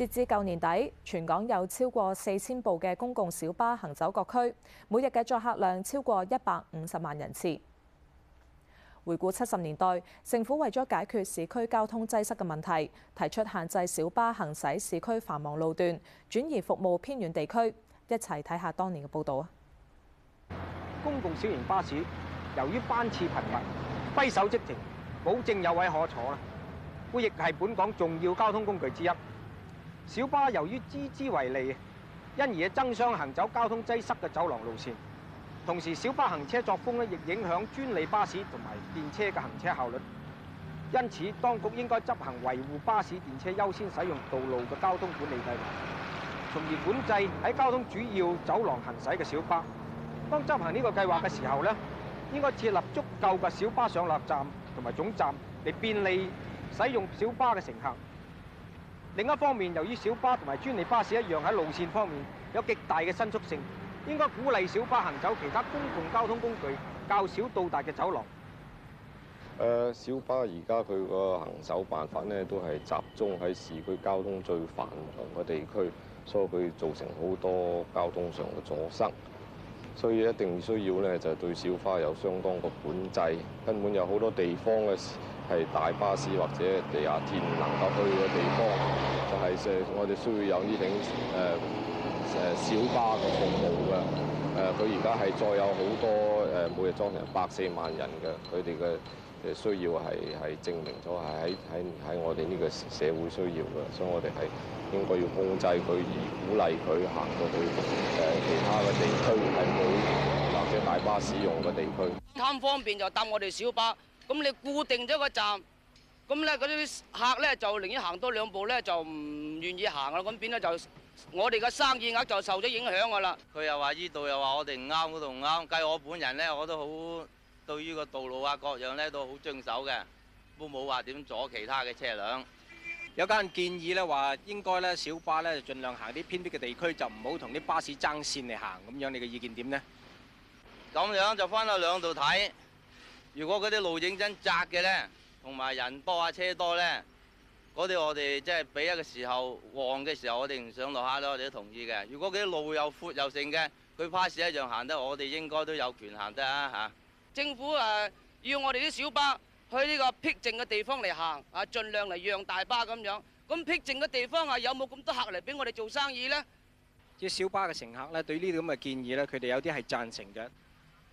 截至舊年底，全港有超過四千部嘅公共小巴行走各區，每日嘅載客量超過一百五十萬人次。回顧七十年代，政府為咗解決市區交通擠塞嘅問題，提出限制小巴行駛市區繁忙路段，轉而服務偏遠地區。一齊睇下當年嘅報導啊！公共小型巴士由於班次頻密、揮手即停，保證有位可坐啦。佢亦係本港重要交通工具之一。小巴由於只知為利，因而嘅爭相行走交通擠塞嘅走廊路線，同時小巴行車作風呢亦影響專利巴士同埋電車嘅行車效率。因此，當局應該執行維護巴士、電車優先使用道路嘅交通管理計劃，從而管制喺交通主要走廊行駛嘅小巴。當執行呢個計劃嘅時候呢，應該設立足夠嘅小巴上落站同埋總站，嚟便利使用小巴嘅乘客。另一方面，由於小巴同埋專利巴士一樣喺路線方面有極大嘅伸縮性，應該鼓勵小巴行走其他公共交通工具較少到達嘅走廊。誒、呃，小巴而家佢個行走辦法呢都係集中喺市區交通最繁忙嘅地區，所以佢造成好多交通上嘅阻塞。所以一定需要咧，就對小巴有相當嘅管制。根本有好多地方嘅係大巴士或者地下鐵唔能夠去嘅地方，就係、是、我哋需要有呢種誒誒小巴嘅服務嘅。誒、呃，佢而家係再有好多誒、呃、每日裝成百四萬人嘅佢哋嘅。需要係係證明咗係喺喺喺我哋呢個社會需要嘅，所以我哋係應該要控制佢而鼓勵佢行到去誒其他嘅地區、喺冇或者大巴使用嘅地區。貪方便就搭我哋小巴，咁你固定咗個站，咁咧嗰啲客咧就寧願行多兩步咧就唔願意行啦。咁變咗就我哋嘅生意額就受咗影響噶啦。佢又話依度又話我哋唔啱，嗰度唔啱，計我，我，我，我本人咧我都好。對於個道路啊各樣咧都好遵守嘅，都冇話點阻其他嘅車輛。有家人建議咧話應該咧小巴咧就盡量行啲偏僻嘅地區，就唔好同啲巴士爭線嚟行咁樣。你嘅意見點咧？咁樣就翻到兩度睇。如果嗰啲路認真窄嘅咧，同埋人多啊車多咧，嗰啲我哋即係比一個時候旺嘅時候，我哋上落客咧我哋都同意嘅。如果嗰啲路又闊又剩嘅，佢巴士一樣行得，我哋應該都有權行得啊吓。政府誒要我哋啲小巴去呢個僻靜嘅地方嚟行啊，盡量嚟讓大巴咁樣。咁僻靜嘅地方啊，有冇咁多客嚟俾我哋做生意咧？啲小巴嘅乘客咧，對呢啲咁嘅建議咧，佢哋有啲係贊成嘅，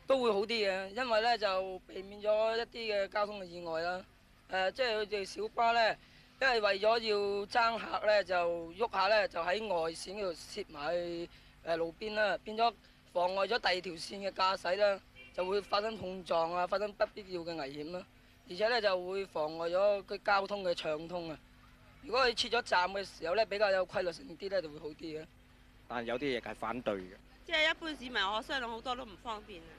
都會好啲嘅，因為咧就避免咗一啲嘅交通嘅意外啦。誒，即係佢哋小巴咧，因為為咗要爭客咧，就喐下咧，就喺外線嗰度攝埋誒路邊啦，變咗妨礙咗第二條線嘅駕駛啦。就會發生碰撞啊，發生不必要嘅危險咯。而且咧就會妨礙咗佢交通嘅暢通啊。如果佢設咗站嘅時候咧，比較有規律性啲咧，就會好啲嘅。但係有啲嘢係反對嘅。即係一般市民，我相信好多都唔方便啊。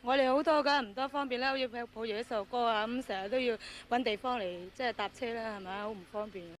我哋好多梗係唔多方便啦，好似抱住一首歌啊，咁成日都要搵地方嚟即係搭車啦，係咪？好唔方便。